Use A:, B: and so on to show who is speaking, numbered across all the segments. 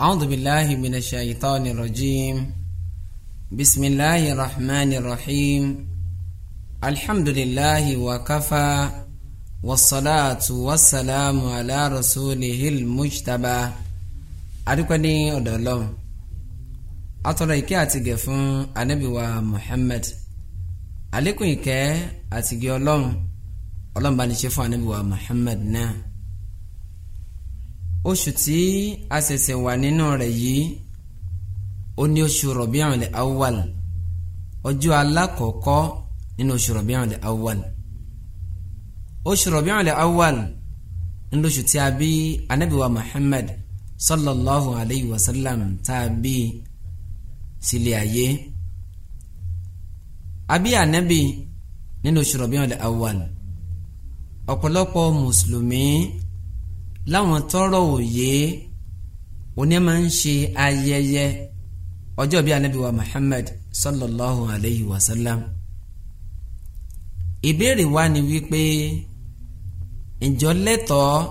A: أعوذ بالله من الشيطان الرجيم بسم الله الرحمن الرحيم الحمد لله وكفى والصلاة والسلام على رسوله المجتبى adúpẹ́ni ọ̀dọ̀ Ọlọ́run atọ́rọ ìkẹ́ àtìgẹ̀ fún anábìwa Muhammad àlékún ìkẹ́ àtìgẹ̀ Ọlọ́run Ọlọ́run bá ní ṣe fún anábìwa Muhammad náà oṣù tí a ṣẹ̀ṣẹ̀ wà nínú rẹ̀ yìí ó ní oṣù Rabi'ul Awwal ọjọ́ alákọ̀ọ́kọ́ nínú oṣù Rabi'ul Awwal oṣù Rabi'ul Awwal nínú oṣù tí a bí anabiwa Muhammad sallallahu alayhi wa sallam tá a bí sílẹ̀ ayé a bí anabi nínú oṣù Rabi'ul Awwal ọ̀pọ̀lọpọ̀ mùsùlùmí láwọn tọrọ òye oní máa ń ṣe ayẹyẹ ọjọ́ bíi anabi wa Muhammad sallallahu alayhi wa sallam ìbéèrè wa ni wípé ǹjọ́ lẹ́tọ̀ọ́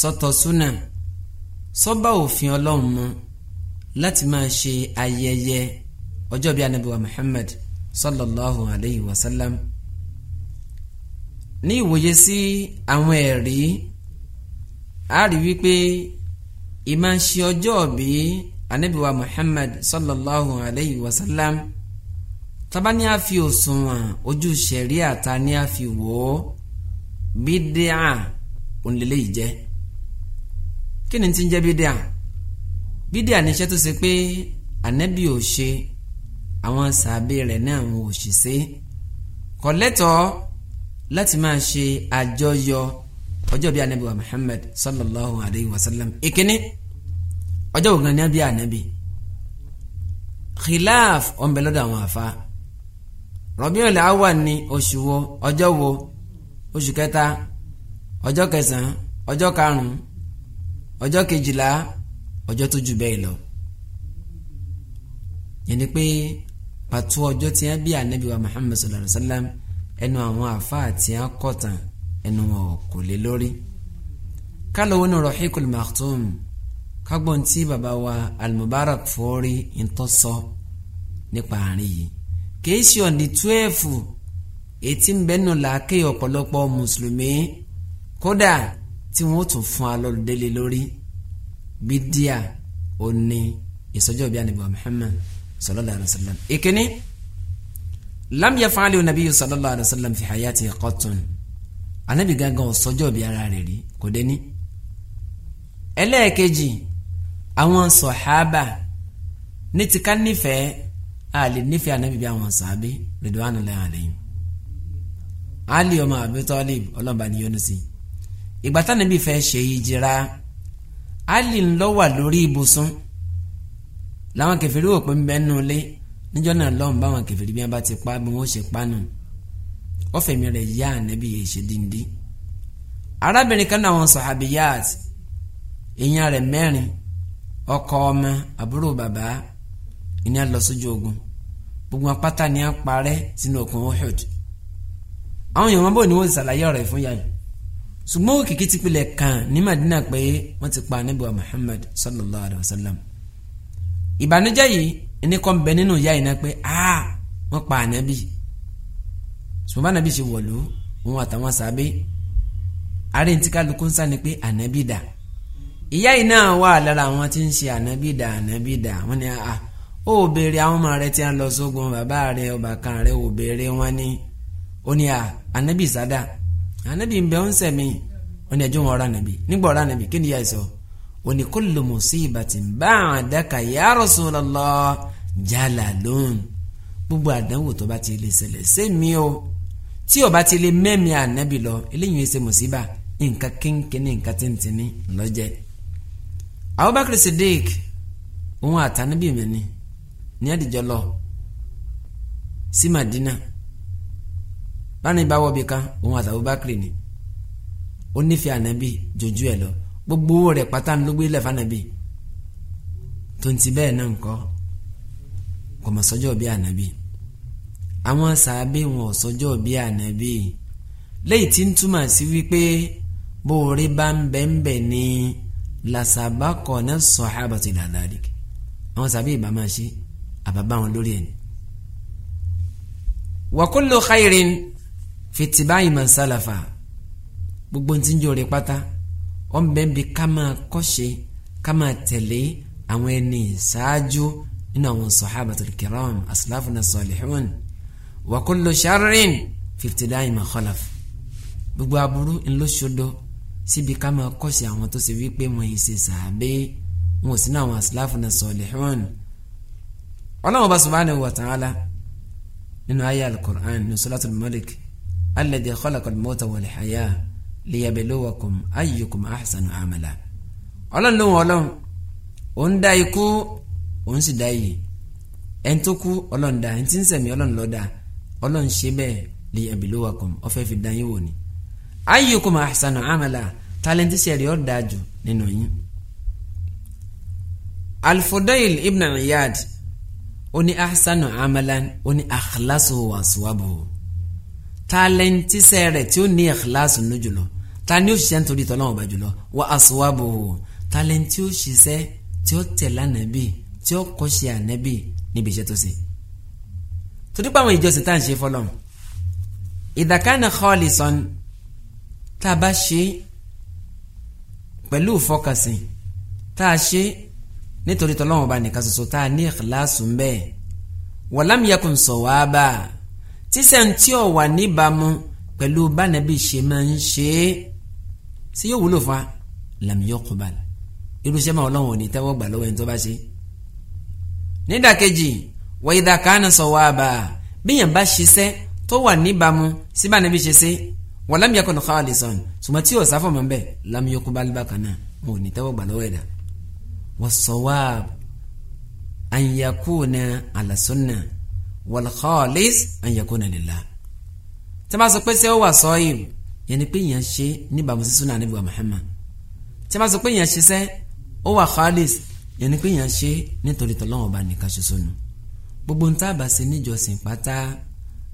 A: sọ́tọ̀ súnà sọ́bà òfin ọlọ́run mu láti máa ṣe ayẹyẹ ọjọ́ bíi anabi wa sallallahu alayhi wa sallam ní ìwòye sí àwọn ẹ̀rí a rí wípé ìmọ̀ ṣe ọjọ́ bí anabiwa Muhammad sallallahu alayhi wa sallam taba ni a fi òṣùwọ̀n ojú sẹ̀ríà ta ni a fi wò ó bídíà òǹlẹ̀lẹ̀ yìí jẹ́ kí ni ti ń jẹ́ bídíà bídíà ni iṣẹ́ tó ṣe pé anabi ò ṣe àwọn sàbẹ̀ rẹ̀ náà wọn ò ṣì ṣe kọ̀lẹ́tọ̀ láti máa ṣe àjọyọ̀ ọjọ́ bíi anabi wa Muhammad sallallahu alayhi wa sallam ìkíní ọjọ́ wo gan ni bíi anabi khilaf ọ̀nbẹ̀lọ́dọ̀ àwọn afa Rabiul Awwal ni oṣù wo ọjọ́ wo oṣù kẹta ọjọ́ kẹsàn-án ọjọ́ karùn-ún ọjọ́ kejìlá ọjọ́ tó ju bẹ́ẹ̀ lọ yẹn ni pé pàtó ọjọ́ tí wọ́n anabi wa Muhammad sallallahu alayhi wa sallam ẹnu àwọn afa àti akọ̀tàn ẹnu wọn kò lé lórí. kálọ̀wọ́ ní Rahiqul Makhtum kágbọ́n tí bàbá wa Al-Mubarak Fori ń tọ́ sọ nípa àárín yìí kìí ṣe ọ̀nì túwẹ́ẹ̀fù ètí ń bẹ́ẹ̀ nù làákè ọ̀pọ̀lọpọ̀ mùsùlùmí kódà tí wọ́n tún fún alọ́lùdélé lórí bídíà òní ìsọjọ́ bíi ànàbì Muhammad sallallahu alayhi wa sallam ìkíní lam yaf'alu nabiyyu sallallahu alayhi wa sallam fi hayati qattun anabi gangan ọ̀sọ́jọ́ bí ara rẹ̀ rí kò dé ní. ẹlẹ́ẹ̀kejì àwọn sọ̀hábà ní ti ká nífẹ̀ẹ́ a lè anabi bí àwọn sàábé ridwanullahi alayhim. ali ọmọ Abi Talib ọlọ́mọba ni yonusi sí i ìgbà tánabi fẹ́ ṣe ali ń lọ wà lórí ibùsùn làwọn kẹfìrí wò pé ń bẹ́ẹ̀ nù lé níjọ́ náà lọ́hùn báwọn kẹfìrí bí wọ́n bá ti pa bí wọ́n ṣe pa nù. No ọfẹmi rẹ ya anabi ya ṣe dindin arábìnrin kan náà wọn sahabiyat ìyẹn rẹ ọkọ ọmọ àbúrò bàbá ìní ogun gbogbo apáta ni a parẹ́ àwọn bò ní wọn ṣàlàyé yàrá ti pilẹ̀ kan ní Madina pé wọ́n ti pa anabi wa Muhammad sallallahu alayhi wa sallam ìbànújẹ́ yìí ẹni kọ́ ń bẹ nínú ìyá yìí a pa ṣùgbọ́n anabi ṣe wọ̀lú òun àtàwọn sábẹ́ àárẹ̀ tí kálukú ń sá ni pé anabi dà ìyá yìí náà wà lára àwọn tí ń ṣe anabi dà anabi dà wọ́n ní a ah, ó béèrè àwọn ọmọ rẹ tí a ń lọ sógun bàbá rẹ ọbàkan rẹ ò béèrè wọn ni ó ní a ah, anabi sádà anabi ń bẹ ń sẹ̀mí ó ní ẹjọ́ wọn ra anabi nígbà ọ̀rá anabi kí ni ìyá sọ ó ní kullu musibatin ba'daka ya Rasulullah jàlá lóhùn gbogbo àdánwò tó bá ti lè ṣẹlẹ̀ sẹ́mi o tí ó bá ti lè mẹ́mi ànábì lọ eléyìí ẹsẹ̀ mùsíbà nǹkan kínkínní nǹkan tíntìní lọ́jẹ́ Abubakar Siddiq òun àtànábì mi ni ní àdìjọ lọ sí Madina báni bá wọbi kan òun àti Abubakar ni ó nífẹ̀ẹ́ ànábì jojú ẹ̀ lọ gbogbo owó rẹ̀ pátá ló gbé lẹ́fà ànábì tó ń ti bẹ́ẹ̀ náà ń kọ́ kò bí ànábì àwọn sàábé wọn sọjọ́ bí ànábì léyìí tí ń túmọ̀ sí wípé bó orí bá ń bẹ̀ ń bẹ̀ ni làṣàbákọ̀ náà sahaba ti dàda rí àwọn sàábé ìbá máa ṣe àbábá wọn lórí ẹni. wa kullu khairin fìtìbáyìí man gbogbo ti ń jọ rẹ pátá wọn bẹ́ẹ̀ bí ká máa kọ́ṣe ká máa tẹ̀lé àwọn ẹni ṣáájú nínú àwọn sahabatul kiram aslafuna salihun wa kullu sharrin fiftida'i ma khalaf gbogbo aburú ńlọsọdọ síbi ká máa kọ́sí àwọn tó ṣe wípé wọn yìí ṣe sàábé wọn ò sí ní àwọn asláfù náà salihun ọlọ́run bá subhanahu wa ta'ala nínú ayé al-Qur'an ní suratul Malik alladhi khalaqal mawta wal haya liyabluwakum ayyukum ahsanu amala ọlọ́run ló ń ọlọ́run òun dá ikú òun sì dá iyì ẹni tó kú ọlọ́run dá ẹni tí ń ṣẹ̀mí ọlọ́run ló dá ọlọ́run ṣe bẹ́ẹ̀ li abiluwakum ó fẹ́ fi dán yín wò ni. ayyukum ahsanu amala tálẹ́ǹtì sẹ̀rí ọ̀ dáa jù nínú yín. alfudail ibn iyad ó ní ahsanu amala ó ní akhlasu wa suwabu tálẹ́ǹtì sẹ̀rẹ̀ tí ó ní akhlasu nù jùlọ ta ni ó ṣiṣẹ́ nítorí tọ́lọ́wọ́n bá jùlọ wa asuwabu tálẹ́ǹtì ó ṣiṣẹ́ tí ó tẹ̀lé ànábì tí ó kọ́ ṣe ànábì níbi iṣẹ́ tó ṣe torí pé àwọn ìjọsìn tá à ń ṣe fọlọ́n ìdàkánà khalisan tá a bá ṣe pẹ̀lú ìfọkànsìn tá a ṣe nítorí tọ́lọ́wọ́n bá nìkan ṣoṣo tá a ní ìkìláàsù mbẹ́ walam yakun sawaba tíṣẹ́ntì ò wà níbàámu pẹ̀lú bánàbí ṣe máa ń ṣe é sí yóò wúlò fa lam yuqbal irúṣẹ́ máa ọlọ́wọ́n ò ní tẹ́wọ́ gbà lọ́wọ́ ẹni tó bá ṣe. nídàkejì wọ́n ìdá kánà sawaba bíyàn bá ṣiṣẹ́ tó wà níbàámu síbà níbi ṣiṣẹ́ wọ́n lam yakun khalisan sùmọ́ tí yóò sáfọ̀ mọ́ bẹ́ẹ̀ lam yuqbal bákan náà wọn ò ní tẹ́wọ́ gbà lọ́wọ́ ẹ̀dá wọ́n sawab an yakuna ala sunna wal khalis an yakuna lillah tí a bá pé sẹ́wọ́ wà sọ yìí yẹn ni pé yẹn ṣe níbàámu sí sunna Ànábì Muhammad tí a pé yẹn ṣiṣẹ́ ó wà khalis yẹn ni pé yẹn ṣe nítorí tọ́lọ́wọ́n ọba nìkan ṣoṣo nù gbogbo ń tábà ṣe níjọsìn pátá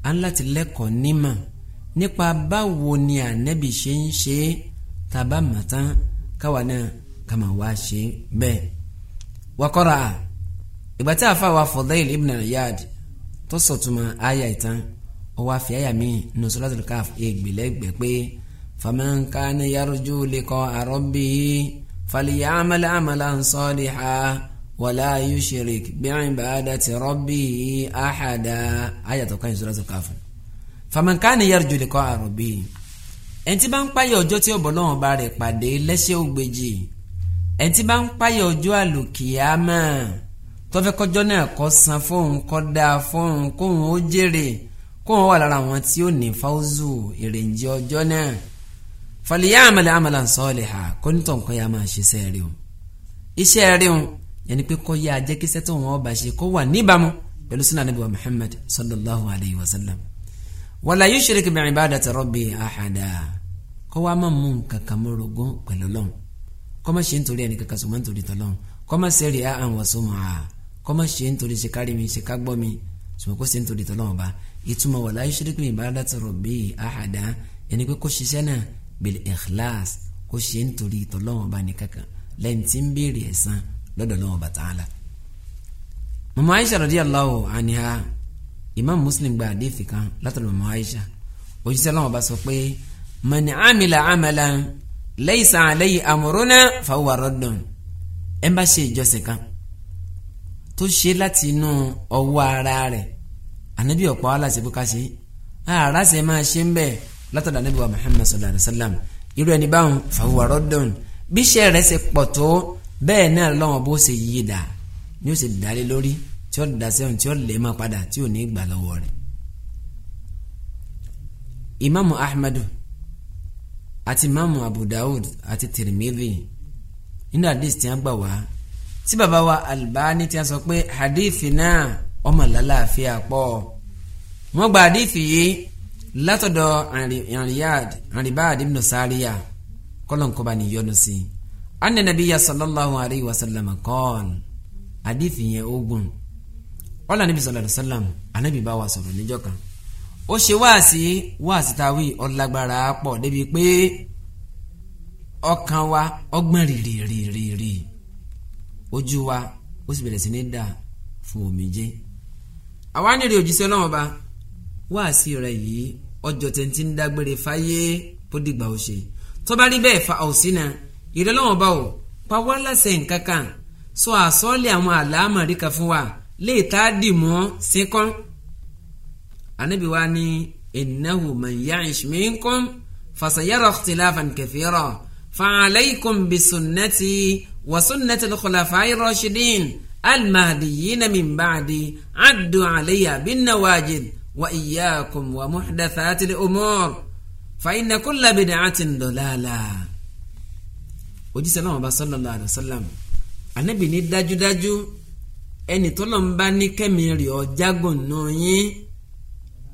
A: a ń láti lẹ́kọ̀ọ́ nímọ̀ nípa báwo ni ànẹ́bì ṣe ń ṣe é tàbá màtán káwa náà ká máa wá ṣe bẹ́ẹ̀. wakọ́ra ìgbà tí àfa wa Fudail ibn Iyad tó sọ̀tùmọ̀ àyà ìtàn ọwọ́ àfi àyà mi nù Suratul Kahf ègbèlẹ́gbẹ̀ pé faman kana yarju liqa rabbihi falyamal amalan salihan wàlá yushrik bi'in ba'adati rabbihi ahada ayàtọ̀ kan suratul Kahf faman kana yarju liqa'a rabbihi ẹni tí bá ń páyà ọjọ́ tí ọ̀bọ̀ náà bá rẹ̀ pàdé lẹ́sẹ̀ ògbèjì ẹni tí bá ń páyà ọjọ́ àlùkìyámà tọ́fẹ́ kọjọ́ náà kó san fóun kó dáa fóun kóun ó jèrè kóun wà lára àwọn tí ó ní fáwùzù èrèǹjẹ ọjọ́ náà fàlìyà àmàlà àmàlà sọ́ọ̀lì yẹni pé kọ́ yá ajẹ́ kíṣẹ́ tó wọn ọba ṣe kó wà níbàámu pẹ̀lú sunan nabi wa muhammad sallallahu alayhi wa sallam wala yushrik bi ibadati rabbi ahada kọ́ wa máa mú kankan mọ́rogún pẹ̀lú lọ́hùn kọ́ máa ṣe nítorí ẹni kankan sùnmọ́ nítorí tọ́lọ́hùn kọ́ máa ṣe rí àwọn wàsó mọ́ a kọ́ máa ṣe nítorí ṣe kárí mi ṣe ká gbọ́ mi sùnmọ́ kó ṣe nítorí tọ́lọ́hùn ọba ìtumọ̀ wala yushrik ṣe nítorí tọ́lọ́hùn ọba nìkankan lọ́dọ̀ lọ́wọ́ bàtà àlà. mama aisha radiyallahu anha imam muslim gba àdéhìí kan látọ̀dọ̀ mama aisha òjíṣẹ́ lọ́wọ́ bá sọ pé man amila amalan laysa alayhi amruna fahuwa raddun ẹ̀ ń bá ṣe ìjọsìn kan tó ṣe láti inú ọwọ́ ara rẹ̀ ànábì ọ̀pọ̀ aláṣẹ bó ká ṣe ààrá ṣe máa ṣe ń bẹ̀ látọ̀dọ̀ ànábì wa muhammad sallallahu alayhi wa sallam irú ẹni báwọn fahuwa raddun bí iṣẹ́ rẹ̀ ṣe pọ̀ tó bẹ́ẹ̀ náà lọ́wọ́n bó ṣe yí dà ni ó ṣe dalé lórí tí ó da sẹ́wọ̀n tí ó lè má padà tí ò ní gbà lọ́wọ́ rẹ̀. imaamu ahmadu àti imaamu abu dawud àti tirimidhi nínú hadith tí wọ́n gbà wá tí baba wa albani tí wọ́n sọ pé hadith náà ọmọ lálàáfíà pọ̀ wọ́n gba hadith yìí látọ̀dọ̀ Riyad Ribad ibn Sariya kọ́lọ́nkọ́ba nìyọnu sí i anna nabiyya sallallahu alayhi wa sallam kọ́ọ̀n àdìfì yẹn ogun ọ̀là níbi sallallahu alayhi wa sallam anábì bá wa sọ̀rọ̀ níjọ́ kan ó ṣe wáàsí wáàsí táwí ọ̀làgbára pọ̀ débi pé ọkàn wa ọgbọ́n rìrìrìrì ojú wa ó sì bẹ̀rẹ̀ sí ní dà fún omijé àwa nílò òjíṣẹ́ náà ba wáàsí yìí ọjọ́ tẹ̀ ń ti ń dágbére fáyé bó dìgbà ó ṣe tó rí bẹ́ẹ̀ fa ọ̀sìn náà ìrẹ́lọ́wọ́n bá o pa wá láṣẹ nǹkan kan sọ àsọ́ọ̀lẹ̀ àwọn àlámọ̀rí kan fún wa lè tá a dì mọ́ síkán. anabi wa ni innahu man ya'ish minkum fasayara ikhtilafan kathira fa'alaykum bisunnati wa sunnati al-khulafa'i min ba'di addu 'alayha bin-nawajid wa iyyakum wa muhdathatil umur fa inna kulla bid'atin dalalah òjíṣẹ́ náà ọba sallallahu alaihi wasallam anabi ní dájúdájú ẹni tọ́lọ̀ ń bá ní kẹ́mi rì ọ́ jágùn náà yín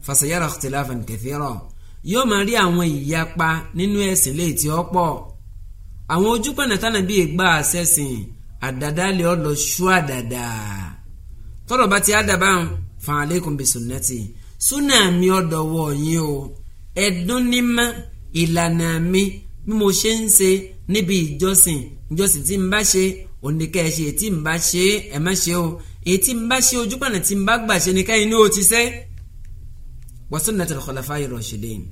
A: fasayara ikhtilafan kathira yóò máa rí àwọn ìyapa nínú ẹ̀sìn léyìí tí ó pọ̀ àwọn ojúpọ̀nà tánàbí ìgbà àṣẹ̀sìn àdàdálẹ̀ ọ̀lọ́ ṣúà dáadáa tọ́lọ̀ bá ti á dábàá fàn aleikum bisunnati súnà mi ọ̀dọ̀ wọ̀ yín o ẹ̀dún ní mọ́ ìlànà mi bí mo ṣe ń ṣe níbi ìjọsìn ìjọsìn tí n bá ṣe òǹdíkẹ́ ẹ ṣe ètí n bá ṣe ẹ má ṣe o ètí n bá ṣe ojúpọ̀nà tí n bá gbà ṣe nìkan inú o ti sẹ́. wa sunnatul khulafa'ir rashidin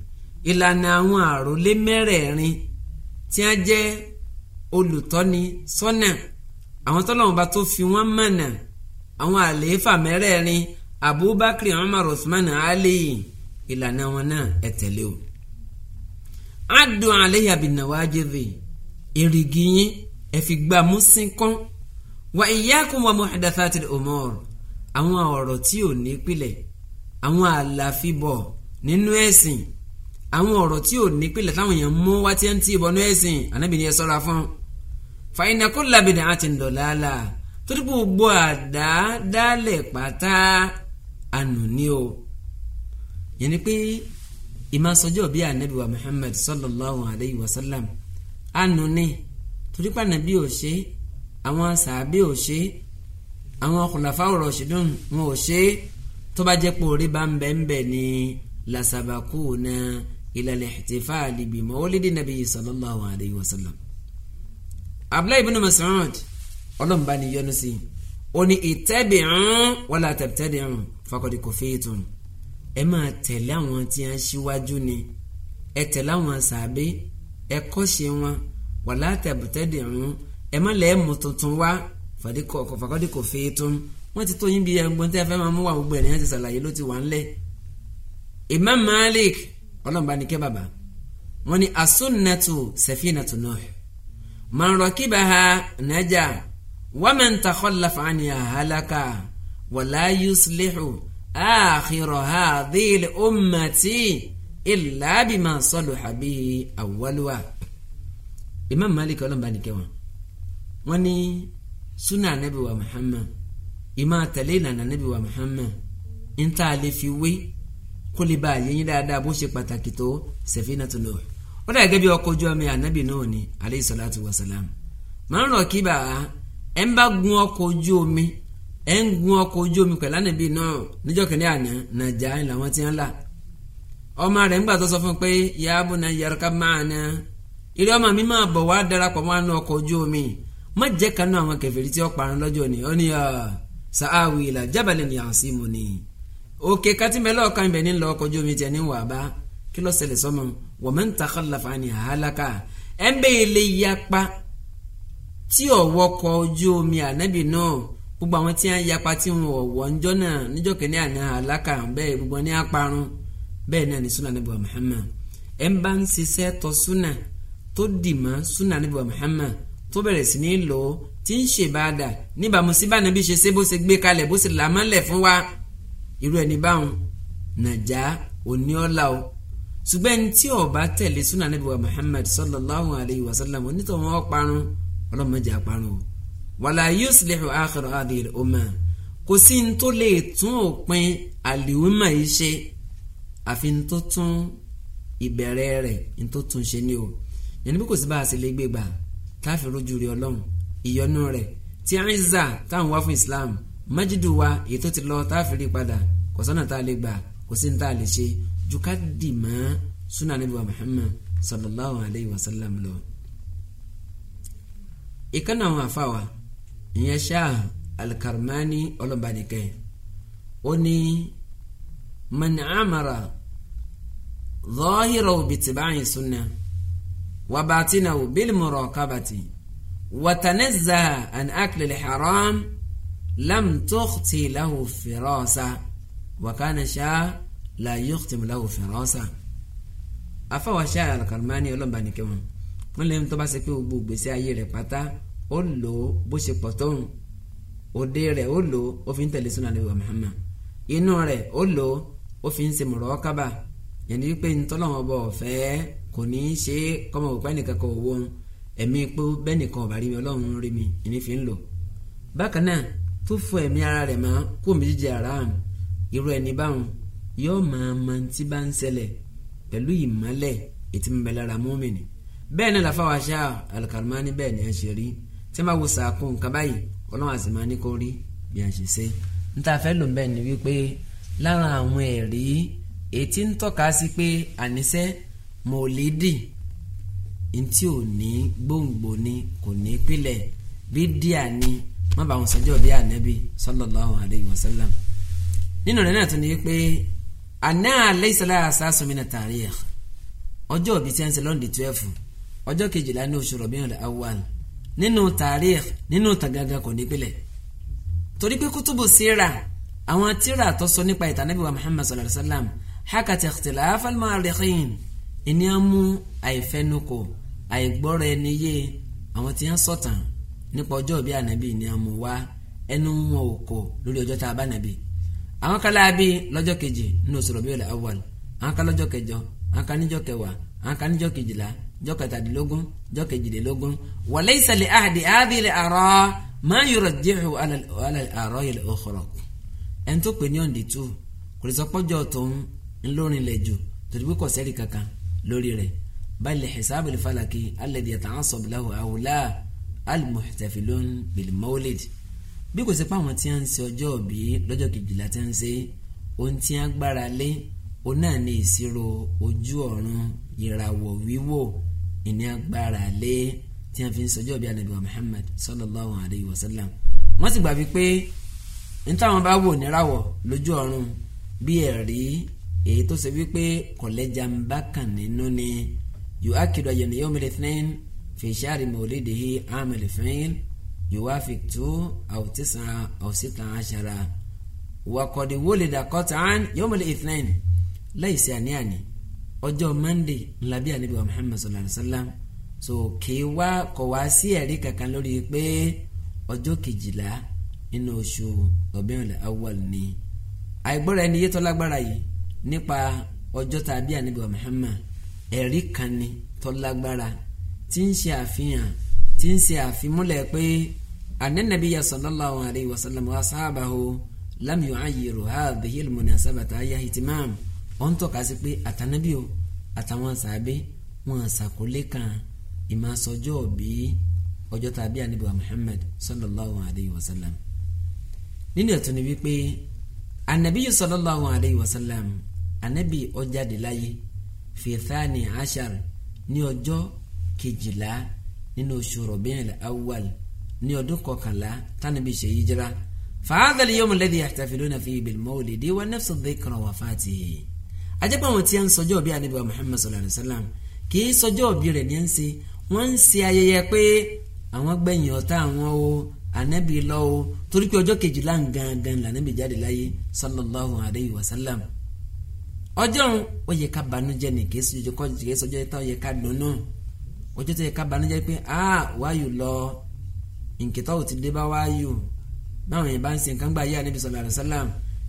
A: ìlànà àwọn àròlé mẹ́rẹ̀ẹ̀rin tí a jẹ́ olùtọ́ni sọ́nà àwọn tọ́lọ́wọ́n bá tó fi wọ́n mọ̀nà àwọn àlééfà mẹ́rẹ̀ẹ̀rin Abubakar Umar Usman Ali ìlànà wọn náà ẹ tẹ̀lé o. adu alayha bin nawajidhi èrìgì yín ẹ fi gbà mú sínkán wà iyyakum wa muhdathatil umur àwọn ọ̀rọ̀ tí ò ní pìlẹ̀ àwọn àlàfíbọ̀ nínú ẹ̀sìn àwọn ọ̀rọ̀ tí ò ní pìlẹ̀ táwọn èèyàn mú wá tí ń tí ìbọnú ẹ̀sìn ànábì ni ẹ ṣọ́ra fún fa inna kulla bid'atin dalala torí gbogbo àdá dálẹ̀ pátá ànú ni o yẹn ni pé ìmásọjọ́ bíi ànábì wa Muhammad sallallahu alayhi wa sallam àánú ni torí pànàbí ò ṣe àwọn sàábì ò ṣe àwọn ọkùnrin fáwọrọ ṣìdún wọn ò ṣe tó bá jẹ́ pé orí bá ń bẹ ń bẹ ní lasabaku na ìlàlẹ̀ ìtìfà àlìbì mọ́wọ́lédè sallallahu alayhi wa sallam. abdullahi ibn Mas'ud ọlọ́mùbá ni yọ́nú sí i ó wala tabtadi'un faqad kufaytum ẹ máa tẹ̀lé àwọn tí a ni ẹ tẹ̀lé àwọn sàábì ẹ kọ́ṣe wọn wàlá tẹ̀bùtẹ́dì rún ẹ má lẹ́ẹ̀ mú tuntun wá fàkọ́dí kò fi tún wọ́n ti tó yín bí ẹgbọ́n tí a fẹ́ máa mú wà gbogbo ènìyàn ti ṣàlàyé ló ti wà ńlẹ̀ Imam Malik ọlọ́mùbá ni kẹ́ bàbá wọ́n ní asúnnàtù safinatu Nuh man rakibaha naja wa man takhallafa anha halaka wala yuslihu akhira hadhihi al-ummati ilà bímọ sọlù àbí àwọlùwà Imam Malik ọlọ́mọba nìkẹ́ wọn wọn ní sunna anabi wa Muhammad ìmọ̀ àtẹ̀lé ìlànà anabi wa Muhammad ń tà lè fi wé kó lè bá àyè yín dáadáa bó ṣe pàtàkì tó Safinatu Nuh ó dà gẹ́gẹ́ bí ọkọ̀ ojú omi anabi náà ni aleyhi salatu wa salam màá rọ̀ kí bàá ẹ̀ ń bá gun ọkọ̀ ojú omi ẹ̀ ń gun ọkọ̀ ojú omi pẹ̀lú ànábì náà níjọ́ kìnìún àná nàjà ẹ̀ làwọn ti ń là ọmọ rẹ̀ ńgbà tó sọ fún un pé yaabu na yarka maana ilé ọmọ mi máa bọ̀ wá darapọ̀ mọ́ àánú ọkọ̀ ojú omi má jẹ́ kanú àwọn kèfèrí tí ó parun lọ́jọ́ ni ó ní ah, sàáwì ìlà jábàlẹ̀ ní àǹsí mu ni òkè kátìmẹ́lẹ́ ọ̀kan ibẹ̀ ní lọ ọkọ̀ ojú omi tiẹ̀ ní wàá bá kí ló ṣẹlẹ̀ sọ́mọ wọ́n máa ń ta kọ́láfà ní àhálàkà ẹ̀ ń bẹ́ ilé yapa tí ọ̀wọ́ kọ ojú omi ànábì náà gbogbo àwọn tí wọ́n yapa tí wọ́n ọ̀wọ́ ńjọ́ náà níjọ́ kẹ́ni àná àhálàkà bẹ́ẹ̀ gbogbo ní àparun bẹ́ẹ̀ náà ni súnà níbi wa Muhammad ẹ̀ ń bá ń ṣiṣẹ́ tọ́ súnà tó dì mọ́ súnà níbi wa Muhammad tó bẹ̀rẹ̀ sí ní lò ó tí ń ṣe báadà níbàámu sí bá nàbí ṣe ṣe bó ṣe gbé kalẹ̀ bó ṣe là mọ́lẹ̀ fún wa irú ẹni báwọn nàjà òní ọ̀la o ṣùgbọ́n ẹni tí ó tẹ̀lé súnà níbi wa Muhammad sallallahu alayhi wa sallam onítọ̀wọ́n ọ̀parun ọlọ́mọdé àparun o wàlá yuslihu akhir adìr ọmọ kò sí ní tó lè tún òpin àlìwímà yìí ṣe àfi ntótún ìbẹ̀rẹ̀ rẹ̀ ntótún ṣe ni o yẹnni bí kò sí bá a ṣe lè gbé gbà káfí rojú rí ọlọ́run ìyọnu rẹ̀ tí àìsà táwọn wá fún Islam májídù wa èyí tó ti lọ táfí rí padà kò sọ́nà tá a lè gbà kò sí ní tá a lè ṣe ju ká dì mọ́ súnà níbi wa Muhammad sallallahu alayhi wa sallam lọ. ìkànnì àwọn àfàwà ìyẹn Shah Al-Karmani ọlọ́mbanìkẹ́ ó ní man amara zahirahu bitiba'i sunna wa batinahu bil muraqabati wa tanazzaha an aklil haram lam tukhti lahu firasa wa kana shaa la yukhtim lahu firasa afawa shaa al-Karmani ọlọ́mba nìkẹ́ wọn wọn lè ń tọ́ bá ṣe pé gbogbo gbèsè ayé rẹ̀ pátá ó lò ó bó ṣe pọ̀ tóun òde rẹ̀ ó lò ó ó fi ń tẹ̀lé sunan Ànábì wa Muhammad inú rẹ̀ ó lò ó ó fi ń ṣe mọ̀rọ̀ kábà yẹnni pé ntọ́lọ́wọ́n bọ̀ fẹ́ kò ní í ṣe kọ́mọ òpá nìkan kan òwò ẹ̀mí pé bẹ́ẹ̀ nìkan ọ̀bà rí mi ọlọ́run rí mi ìní fi ń lò. bákan náà tó fọ ẹ̀mí ara rẹ̀ mọ́ kó mi jíjẹ haram irú ẹni báwọn yóò máa ma ti bá ń ṣẹlẹ̀ pẹ̀lú ìmọ́lẹ̀ ètí mi bẹ̀rẹ̀ ara mọ́mìnì. bẹ́ẹ̀ náà làfa ṣá Al-Karmani bẹ́ẹ̀ ni a ṣe rí tí wọ́n bá wo sàkó nǹkan báyìí ọlọ́run àti màá rí bí a ṣe ṣe. ń ta fẹ́ lò ń bẹ́ẹ̀ ni wípé lára àwọn ẹ̀rí etí ń tọ́ka sí pé àníṣe mọ̀lídì ntí ò ní kò ní pìlẹ̀ bídíà ni má bàa wọn sọjọ́ bí ànábì sallallahu alayhi wa sallam nínú rẹ̀ náà tún ní pé àná alẹ́ ìsàlẹ̀ ọjọ́ òbí ń lọ́ndì twelve ọjọ́ kejìlá ní oṣù nínú nínú tàgàgà kò ní torí pé àwọn tíra tó sọ nípa ìtàn Ànábì wa Muhammad sallallahu alayhi wa sallam hakati ikhtilaf al-mu'arrikhin ìní àmú àìfẹnukò àìgbọ́ra ẹni yé àwọn tí wọ́n sọ̀tàn nípa ọjọ́ bí ànábì ní àmú wá ẹnu wọn ò kò lórí ọjọ́ tá a bá nàbì àwọn kan láàbí lọ́jọ́ kejì nínú oṣù Rabiul Awwal àwọn kan lọ́jọ́ kẹjọ àwọn kan níjọ́ kẹwàá àwọn kan níjọ́ kejìlá jọ́ kẹtàdínlógún jọ́ kejìlélógún wa laysa li ahadi hadhihi al-ara ma yurajjihu ala al-ara ẹni tó pè ní ọ̀ǹdì tù kò lè sọ pọ́jọ́ tòun ńlórin lẹ̀ jù torí pé kò sẹ́rì kankan lórí rẹ̀ bal hisabu al-falaki alladhi yata'assab lahu awla al-muhtafilun bil mawlid bí kò sí pé àwọn tí ń ṣe ọjọ́ òbí lọ́jọ́ kejìlá tí ń ṣe ohun tí ń gbára lé òun náà ní ìṣirò ojú ọ̀run ìràwọ̀ wíwò ìní agbára lé tí wọ́n fi ń ṣọjọ́ bí anabi wa Muhammad sallallahu alayhi wa sallam wọ́n sì gbà wípé nítawọn bá wò níràwọ̀ lójú ọ̀run bí ẹ̀rí èyí tó ṣe wípé kọ̀lẹ́jà ń bá kàn nínú ni yóò ákìlọ̀ àyẹ̀nì yóò mẹ́lẹ̀ fún fi ṣáàrì mọ̀lẹ́dẹ̀ẹ́ àmẹ́lẹ̀ fún yóò wá fi tó àwòtísàn àwòsíkan àṣàrà wakọ̀dé wọlé dàkọ́tà án yóò mẹ́lẹ̀ ìfúnẹ́ẹ̀nì láì sí àníàní ọjọ́ mọ́ndé ńlábí àníbi wa Muhammad sallallahu alayhi wa sallam so kì í wá kọ̀ wá sí ẹ̀rí kankan lórí pé ọjọ́ kejìlá nínú oṣù Rabiul Awwal ni àìgbọ́ra ẹni yé tó lágbára yìí nípa ọjọ́ tàbí ànábì wa Muhammad ẹ̀rí kan ni tó lágbára tí ń ṣe àfihàn tí ń ṣe àfimúlẹ̀ pé ànẹ́nàbíyà sallallahu alayhi wa sallam wa sábàáhó lam yu'ayyiru hadhihi al-munasabata ayé ìtìmáàmù wọ́n ń tọ́ka sí pé àtànábì o àtàwọn sàbẹ̀ wọn àṣàkólé kan ìmọ̀ àsọjọ́ òbí ọjọ́ tàbí ànábì wa Muhammad sallallahu alayhi wa sallam nínú ẹ̀tọ́ ni wípé anabiyu sallallahu alayhi wa sallam anabi ó jáde láyé fi thani ashar ní ọjọ́ kejìlá nínú oṣù Rabi'il awwal ní ọdún kọkànlá tánàbí ṣe hijira fàádàlì yóò mú lẹ́dí àtàfilónà fi bil mawlidi wa nafsu dhikra wafatihi ajẹ́pọ̀ àwọn tí a ń sọjọ́ bí anabi wa Muhammad sallallahu alayhi wa kì í sọjọ́ bí rẹ̀ ní ẹ̀ ń ṣe wọ́n ń ṣe ayẹyẹ pé àwọn gbẹ̀yìn ọ̀tá àwọn o anabi lọ o torí pé ọjọ́ kejìlá gangan lànàbì jáde láyé sallallahu alayhi wa sallam ọjọ́ ó yẹ ká banújẹ́ ní kí ẹsẹ̀ ọjọ́ kejì ẹsẹ̀ ọjọ́ tó yẹ ká dunnú ọjọ́ tó yẹ ká banújẹ́ pé aa wáyù lọ nkìtọ́ ò ti dé bá wáyù báwọn yẹn bá ń ṣe nǹkan gbà yé anabi sallallahu alayhi wa sallam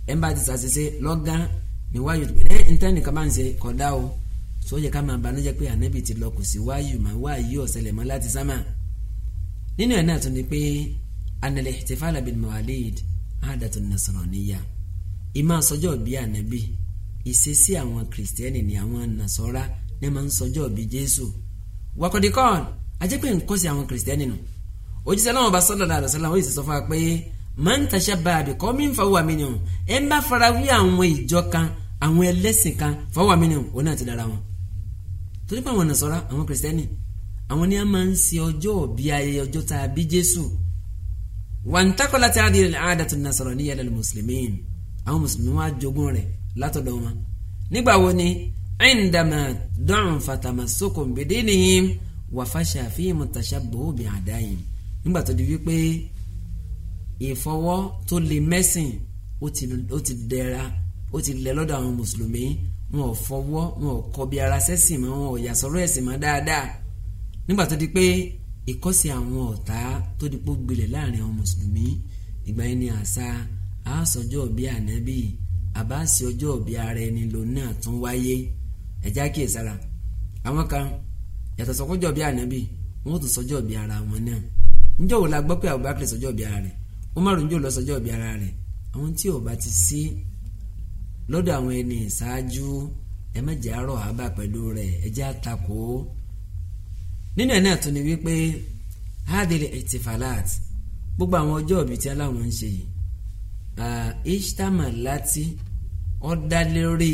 A: ẹ̀ ń bá ti sàṣẹṣe lọ́gán ni wáyù tó pé ẹ̀ ń tẹ́ nìkan bá ń ṣe kódà o so ó yẹ ká máa banújẹ́ pé anabi ti lọ kò sí wáyù mà wáyù ọ̀sẹ̀lẹ̀ mọ́ láti sámà nínú an al-ihtifala bil mawalid adatun nasraniyya ìmọ̀ àsọjọ́ bí ànábì ìṣesí àwọn kìrìsìtẹ́nì ni àwọn nasọ́ra ní máa ń sọjọ́ bí jésù wakọ̀dìkọ́n ajẹ́pẹ́ nǹkan sí àwọn kìrìsìtẹ́nì nù òjíṣẹ́ náà bá sọ́dọ̀ dàdọ̀ sọ́dọ̀ àwọn ìṣẹ̀sọ́ fún wa pé man tashabbaha biqawmin fahuwa minhum ẹ̀ ń bá fara wí àwọn ìjọ kan àwọn ẹlẹ́sìn kan fahuwa minhum òun náà ti dára wọn. torí pé àwọn nasọ́ra àwọn kìrìsìtẹ́nì àwọn ni a máa ń ṣe ọjọ́ bí ayẹyẹ ọjọ́ tá a bí jésù wàntakọ̀lá ti àdìrẹ àdàtú nasraniyya lil muslimin àwọn mùsùlùmí wa jogún rẹ̀ látọ̀dọ̀ wọn. nígbà wo ni indama dọ́rùn fatamassukum bidinihim wa fasha fihim tashabbuhu bi'adayhim nígbà tó di wípé ìfọwọ́ tó lè mẹ́sìn ó ti dẹra ó ti lẹ lọ́dọ̀ àwọn mùsùlùmí wọn ò fọwọ́ wọn ò kọbi ara sẹ́sìn mọ́ wọn ò yà sọ́rọ́ ẹ̀sìn mọ́ dáadáa nígbà tó di pé ìkọ́sí àwọn ọ̀tá tó di pó gbilẹ̀ láàrin àwọn mùsùlùmí ìgbà yẹn ni àṣà àásọjọ́ bí ànábì àbáṣe ọjọ́ bí ara ẹni lò náà tún wáyé ẹ̀já kìí sára àwọn kan yàtọ̀ sọ́kọ́jọ́ bí ànábì wọ́n tún sọ́jọ́ la gbọ́ pé sọ́jọ́ ara rẹ̀ lọ sọ́jọ́ ara rẹ̀ àwọn tí ò bá ti sí lọ́dọ̀ àwọn ẹni ìṣáájú ẹ nínú ẹ̀ náà tún ni wípé hadili itifalat gbogbo àwọn ọjọ́ òbí tí aláwọn ń ṣe yìí ishtamalati ó dá lórí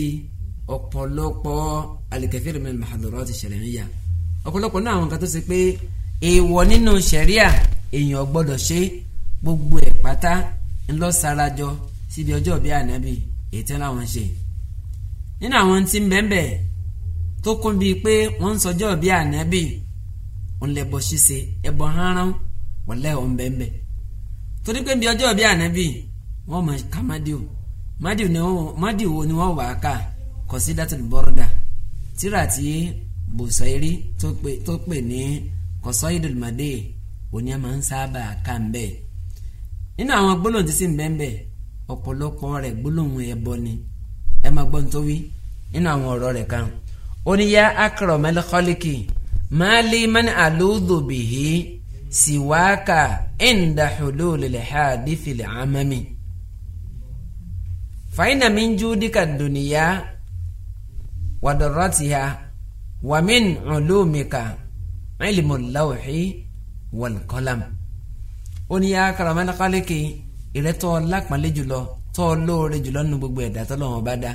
A: ọ̀pọ̀lọpọ̀ alikẹ́fẹ́rẹ́ min mahadurati ti ṣẹlẹ̀ níyà ọ̀pọ̀lọpọ̀ náà àwọn kan tó ṣe pé èèwọ̀ nínú ṣẹ̀ríà èèyàn gbọ́dọ̀ ṣe gbogbo ẹ̀ pátá ńlọ́sarajọ síbi ọjọ́ òbí ànábì èyí tí aláwọn ń ṣe nínú àwọn tí ń bẹ́ẹ̀ bẹ́ẹ̀ tó kún bíi pé wọ́n ń sọjọ́ òbí ànábì ńlẹbọ ṣíṣe ẹbọ hánrán wọlé ọ̀nbẹ̀nbẹ̀ torí pé bí ọjọ́ bí ànábì wọ́n mọ̀ ká mádìó mádìó ni wọ́n wà á kà kọ́ sí dátìlú bọ́rọ̀dà tíra tí bùsọ̀rí tó pè ní kọ́sọ́ìdùl màdé òní a máa ń sábà kà ń bẹ́ẹ̀ nínú àwọn gbólóhùn tí sì ń bẹ́ẹ̀ bẹ́ẹ̀ ọ̀pọ̀lọpọ̀ rẹ̀ gbólóhùn ẹbọ ni ẹ máa gbọ́ nítorí nínú àwọn ọ̀rọ̀ rẹ̀ kan ó ní yá akọ̀rọ̀ mẹ́lẹ́kọ́líkì maali man aludhu bihi siwaka inda hululi lihadithi liamami faina min judika duniya wa daratiha wa min ulumika ilmu lawhi wal qalam ó ní akaramanakálẹ́kẹ́ ìrẹ́tọ́ lápàlẹ́ jùlọ tọ́ lóore jùlọ nínú gbogbo ẹ̀dá tọ́lọ́wọ́n bá dá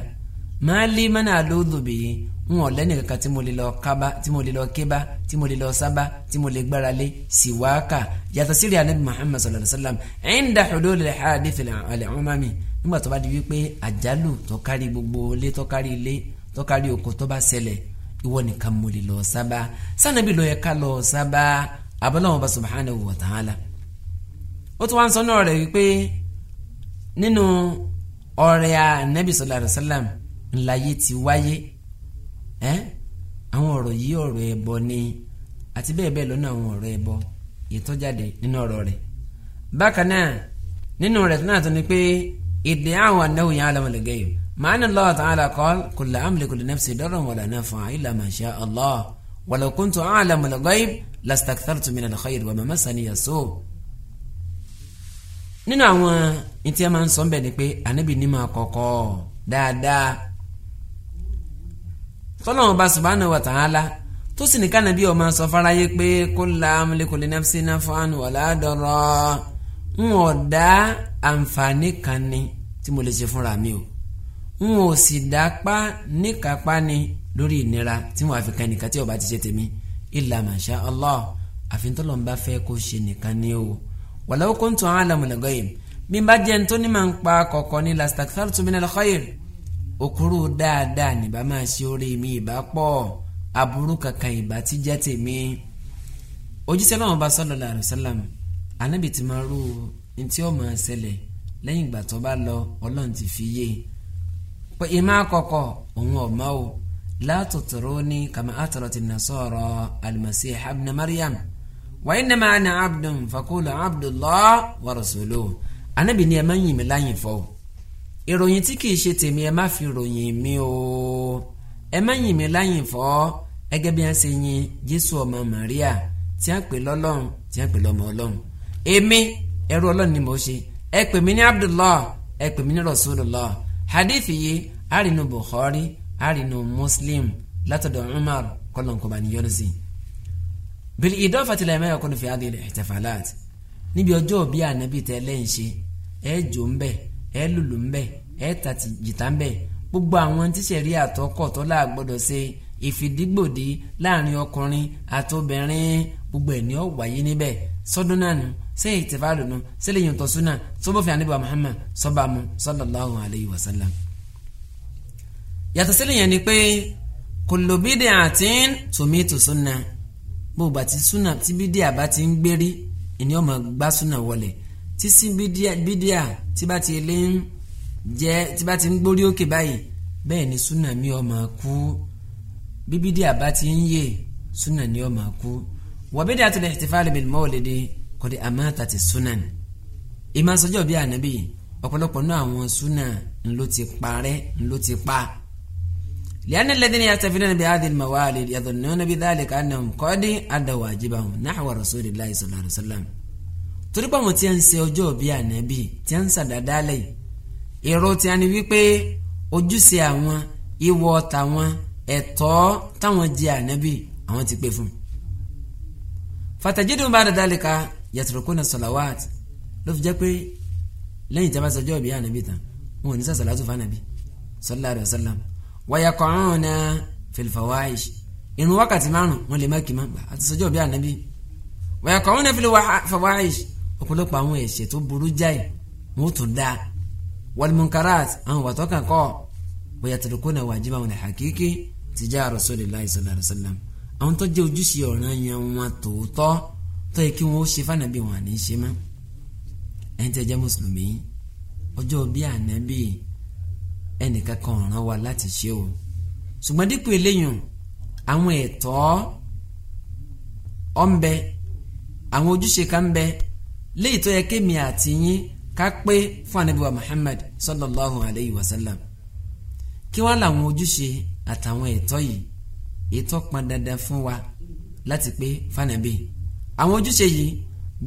A: máa lé mánà lóòdù bìyí ń wọ̀n lẹ́nì kankan tí mo lè lọ kábá tí mo lè lọ kébá tí mo lè lọ sábà tí mo lè gbára lé síwáàkà yàtọ̀ sí anabi muhammad sallallahu alayhi wa sallam inda hudul al-hadith al-umami nígbà tó bá di wípé àjálù tó kárí gbogbo ilé tó kárí ilé tó kárí oko tó bá ṣẹlẹ̀ ìwọ nìkan mo lè lọ sábà sànàbí ló yẹ ká lọ sábà abọ́láwọn bá subhanahu wa ta'ala ó tún wá ń sọ náà rẹ̀ wípé nínú ọ̀rẹ́ sallallahu ńláyé ti wáyé ẹ àwọn ọ̀rọ̀ yìí ọ̀rọ̀ ẹbọ ni àti bẹ́ẹ̀ bẹ́ẹ̀ lọ́nà àwọn ọ̀rọ̀ ẹbọ ìtọ́jáde nínú ọ̀rọ̀ rẹ̀ bákan náà nínú rẹ̀ náà tó ni pé ìdè àwọn anáwó yẹn alámọ̀lẹ̀ gẹ̀yọ̀ màá ní lọ́wọ́ tán àlà kọ́ kò lè àmì kò lè nẹ́fẹ̀sì dọ́rọ̀ wọ̀lá náà fún àìlà mà ṣá ọlọ́ wàlẹ̀ kún tó àwọn alámọ̀lẹ̀ gẹ̀yọ̀ lastakthar tó mìíràn lọ́kọ́ yorùbá màmá sani yasó. nínú àwọn ìtí máa ń sọ ń bẹ̀ ni pé ànábì ní máa kọ̀kọ̀ dáadáa tọ́lọ́run bá subhanahu wa ta'ala tó sì ní kánàbí ọmọ sọ fáráyé pé kó la amúlékulè nafsi naf'an wala dọ̀rọ̀ n ò dá àǹfààní kan ni tí mo lè ṣe fúnra mi o n ò sì dápá níkàpá ni lórí ìnira tí wọn àfi kan nìkan tí ó bá ti ṣe tèmi illa ma sha Allah àfi tọ́lọ́run bá fẹ́ kó ṣe nìkan ni o walau kuntu a'lamul ghaib bí n bá jẹ́ ní tó ní máa ń pa kọ̀ọ̀kan ní lastaghfartu minal khair òkúrú dáadáa nìbá máa ṣe orí mi ìbá pọ̀ aburú kankan ìbá ti jẹ́ tèmi òjíṣẹ́ náà bá sọ́dọ̀ làrú sálàmù anábì ti máa rú ntí ó máa ṣẹlẹ̀ lẹ́yìn ìgbà tó bá lọ ọlọ́run ti fi yé pé ìmọ̀ àkọ́kọ́ òun ọ̀ma o látòtòrò ní kàmá àtọ̀rọ̀ ti nà sọ̀rọ̀ al-Masih ibn Maryam wa innama ana abdun fakulu abdullah wa rasuluhu anábì ni ẹ̀ máa ń yìn mí láyìn fọ́ ìròyìn tí kìí ṣe tèmi ẹ má fi ròyìn mi o ẹ má yìn mí láyìn fọ́ ẹgẹ́ bí wọ́n ṣe yin Jésù ọmọ Màríà tí a pè lọ́lọ́run tí a pè lọ́mọ ọlọ́run èmi ẹrú ọlọ́run ni mo ṣe ẹ pè mí ní Abdullah ẹ pè mí ní Rasulullah hadith yìí àrínú Bukhari àrínú Muslim látọ̀dọ̀ Umar kọ́lọ́nkọ́ba ní yọ́nùsì bil idafati la ma yakunu fi hadhihi al-ihtifalat níbi ọjọ́ bíi ànábì tẹ́lẹ̀ ń ṣe ẹ jò ń bẹ́ẹ̀ ẹ lùlù ńbẹ ẹ tàtì jìtá ńbẹ gbogbo àwọn tíṣẹ̀rí àtọkọ̀ tó là gbọ́dọ̀ ṣe ìfìdígbòdì láàrin ọkùnrin àtobìnrin gbogbo ẹ̀ ní ó wáyé níbẹ̀ sọdún náà nù ṣé ìtìfàlù nù ṣé lè yàtọ̀ súnà sọ́bọ̀fin àníbà Muhammad sọ́ba mu sallallahu alayhi wa sallam. yàtọ̀ sílẹ̀ yẹn ni pé kullu bid'atin tumitu súnà gbogbo àti súnà tí bídìí àbá ti ń gbérí ìní ọmọ gbá súnà wọlé sísí bídíà tí bá ti lé ń jẹ tí bá ti ń gbórí òkè báyìí bẹ́ẹ̀ ni súnà mi ọ̀ máa kú bí bídíà bá ti ń yè súnà ni ọ̀ máa kú wọ́n bídíà ti lè ihtifal bil mawlidi kọ́dí àmọ́ta ti súnà ni bíi ànábì ọ̀pọ̀lọpọ̀ náà àwọn súnà ńlọ ti parẹ́ ńlọ ti pa. لأن الذين يعترفون بهذه الموالد يظنون بذلك أنهم قد أدوا واجبهم نحو رسول الله صلى الله عليه وسلم torí pé àwọn tí a ń ṣe ọjọ́ bíi ànábì tí a ń ṣàdádá lẹ̀ èrò tí a ní wípé ojúṣe àwọn ìwọ tàwọn ẹ̀tọ́ táwọn jẹ ànábì àwọn ti pé fún un. fàtàjídùn bá dàda lè ka yàtúrọ̀kọ́nà sọ̀làwàt ló fi jẹ́ pé lẹ́yìn tí a bá ṣe ọjọ́ bíi ànábì tán wọn ò ní sàṣàlá tó fànàbì sallallahu alaihi wasallam wàyà kọ̀ọ̀rún náà fil fawaish ìrun wákàtí márùn wọn lè má kì má gbà àti sọjọ́ bíi ànábì wàyà kọ̀ọ̀rún náà fil ọ̀pọ̀lọpọ̀ àwọn ẹ̀ṣẹ̀ tó burú jáì wọ́n tún dá wal-munkarat àwọn wàtọ́ kan kọ́ wayatrukuna wajibahu al-haqiqi tijara Rasulillahi sallallahu alaihi wasallam àwọn tó jẹ́ ojúṣe ọ̀ràn yẹn wọn tòótọ́ tó yẹ kí wọ́n ṣe fànàbí wọn àní ṣe mọ́ ẹni tẹ́ jẹ́ mùsùlùmí ọjọ́ bí ànábì ẹnìkan kan ọ̀ràn wa láti ṣe o ṣùgbọ́n dípò eléyìn àwọn ẹ̀tọ́ ọ̀nbẹ àwọn ojúṣe kan bẹ́ẹ̀ léyìí tó yẹ kémi àti yín ká pé fún anabiwa Muhammad sallallahu alayhi wa sallam kí wá làwọn ojúṣe àtàwọn ẹ̀tọ́ yìí ẹ̀tọ́ pọn dandan fún wa láti pé fanabi àwọn ojúṣe yìí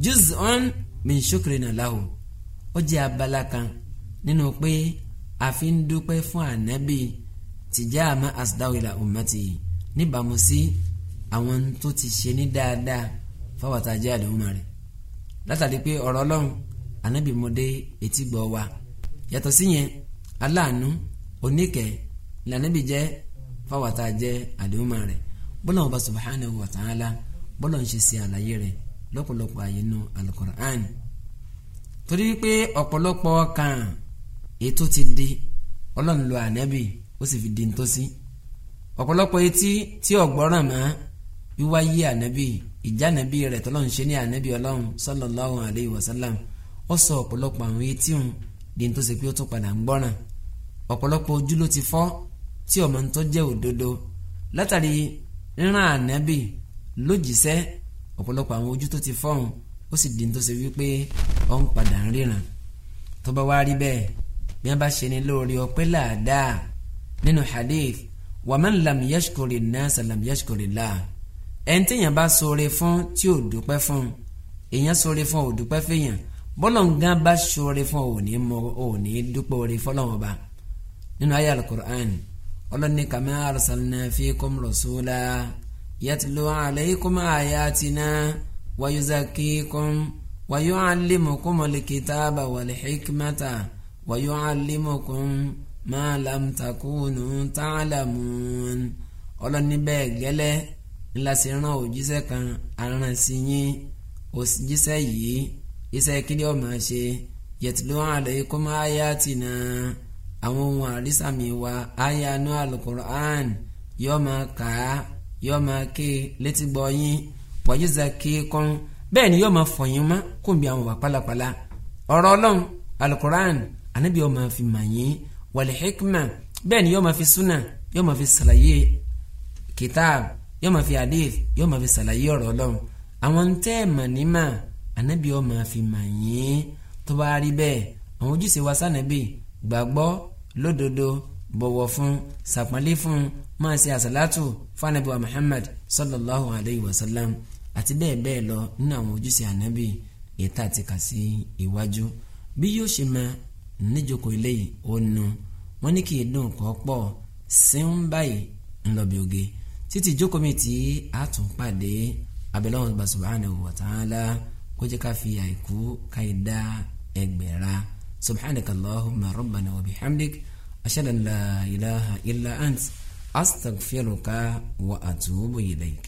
A: juz'un min shukrina lahu ó jẹ́ abala kan nínú pé a ń dúpẹ́ fún ànábì tìjáàmá asdáwìlà ummati níbàámu sí àwọn tó ti ṣe ní dáadáa fáwọn àtàjẹ́ àdéhùn rẹ̀ látàrí pé ọ̀rọ̀ ọlọ́run ànábì mo dé etí gbọ́ wa yàtọ̀ sí yẹn aláàánú oníkẹ́ lànàbì jẹ́ fáwọ́tà jẹ́ àdéhùnmá rẹ̀ bọ́lá ọba subhanahu wa ta'ala bọ́lá ń ṣe sí àlàyé rẹ̀ lọ́pọ̀lọpọ̀ àyè alukur'an torí wípé ọ̀pọ̀lọpọ̀ kan ètò ti di ọlọ́run lo ànábì ó sì fi di ntọ́sí ọ̀pọ̀lọpọ̀ etí tí ọ̀gbọ́ràn mọ́ wíwáyé ànábì ìjánabi rẹ̀ tọ́lọ́run ṣe ní ànábì ọlọ́run sallallahu alayhi wa sallam ó sọ ọ̀pọ̀lọpọ̀ àwọn etí òun di ní tó ṣe pé ó tún padà ń gbọ́ràn ọ̀pọ̀lọpọ̀ ojú ló ti fọ́ tí ọmọ ń tọ́ jẹ́ òdodo látàrí rírán ànábì lójíṣẹ́ ọ̀pọ̀lọpọ̀ àwọn ojú tó ti fọ́hùn ó sì di ní tó ṣe wípé ó ń padà ń ríran tó bá wá rí bẹ́ẹ̀ bí wọ́n bá ṣe ni lóore ọpẹ́ làdáa nínú hadith wàmán lam yashkuri nasa lam yashkuri láà ẹni téèyàn bá ṣoore fún tí ò dúpẹ́ fún èèyàn ṣoore fún ò dúpẹ́ fèèyàn bọ́lọ̀ ngán bá ṣoore fún òní mọ òní dúpẹ́ òre fọlọ́wọ́n ba nínú ayé alukur'an ọlọ́ni kàmá arsalna fikum rasula yatlu alaykum ayatina wa yuzakikum wa yu'allimukum al-kitaba wal-hikmata wa yu'allimukum ma lam takunu ta'lamun ọlọ́ni bẹ́ẹ̀ gẹ́lẹ́ ńlá sí rán òjíṣẹ́ kan aràn sí yín òjíṣẹ́ yìí iṣẹ́ kílí ọ̀mà ṣe yẹtùlú alaykum ayatina àwọn ohun àrísàmì wa ayanu alukur'an yóò máa kà á yóò máa ké létí gbọ́ yín pọ̀jùsà kíkan bẹ́ẹ̀ ni yóò máa fọ̀yín mọ́ kó bí àwọn wà pálapàla ọ̀rọ̀ ọlọ́run alukur'an anabi yóò máa fi mọ̀ yín wàlẹ̀ hikma bẹ́ẹ̀ ni yóò máa fi súnà yóò máa fi sàlàyé kìtáàbù yóò máa fi hadith yóò máa fi ṣàlàyé ọ̀rọ̀ ọlọ́run àwọn tẹ́ ẹ̀ mà ní mà ànábì yóò máa fi mà yín tó bá rí àwọn ojúṣe wa sànẹ́bì gbàgbọ́ lódodo bọ̀wọ̀ fún sàpọ́nlé fún máa ṣe àṣàlátù fanabi wa Muhammad sallallahu alayhi wa sallam àti bẹ́ẹ̀ bẹ́ẹ̀ lọ nínú àwọn ojúṣe ànábì ètò àti kà sí iwájú bí yóò ṣe máa níjoko eléyìí ó nu wọn ní kí èdè òkò pọ̀ sí ń báyìí ńlọbi oge títí ìjókòó mi tí a tún pàdé abẹ́lẹ́wọ̀n bá subhanahu wa ta'ala kó jẹ́ ká fi àìkú káyìí dá ẹgbẹ̀ra subhanakallahumma rabbana wa bihamdik ashhadu la ilaha illa ant astaghfiruka wa atubu ilayk.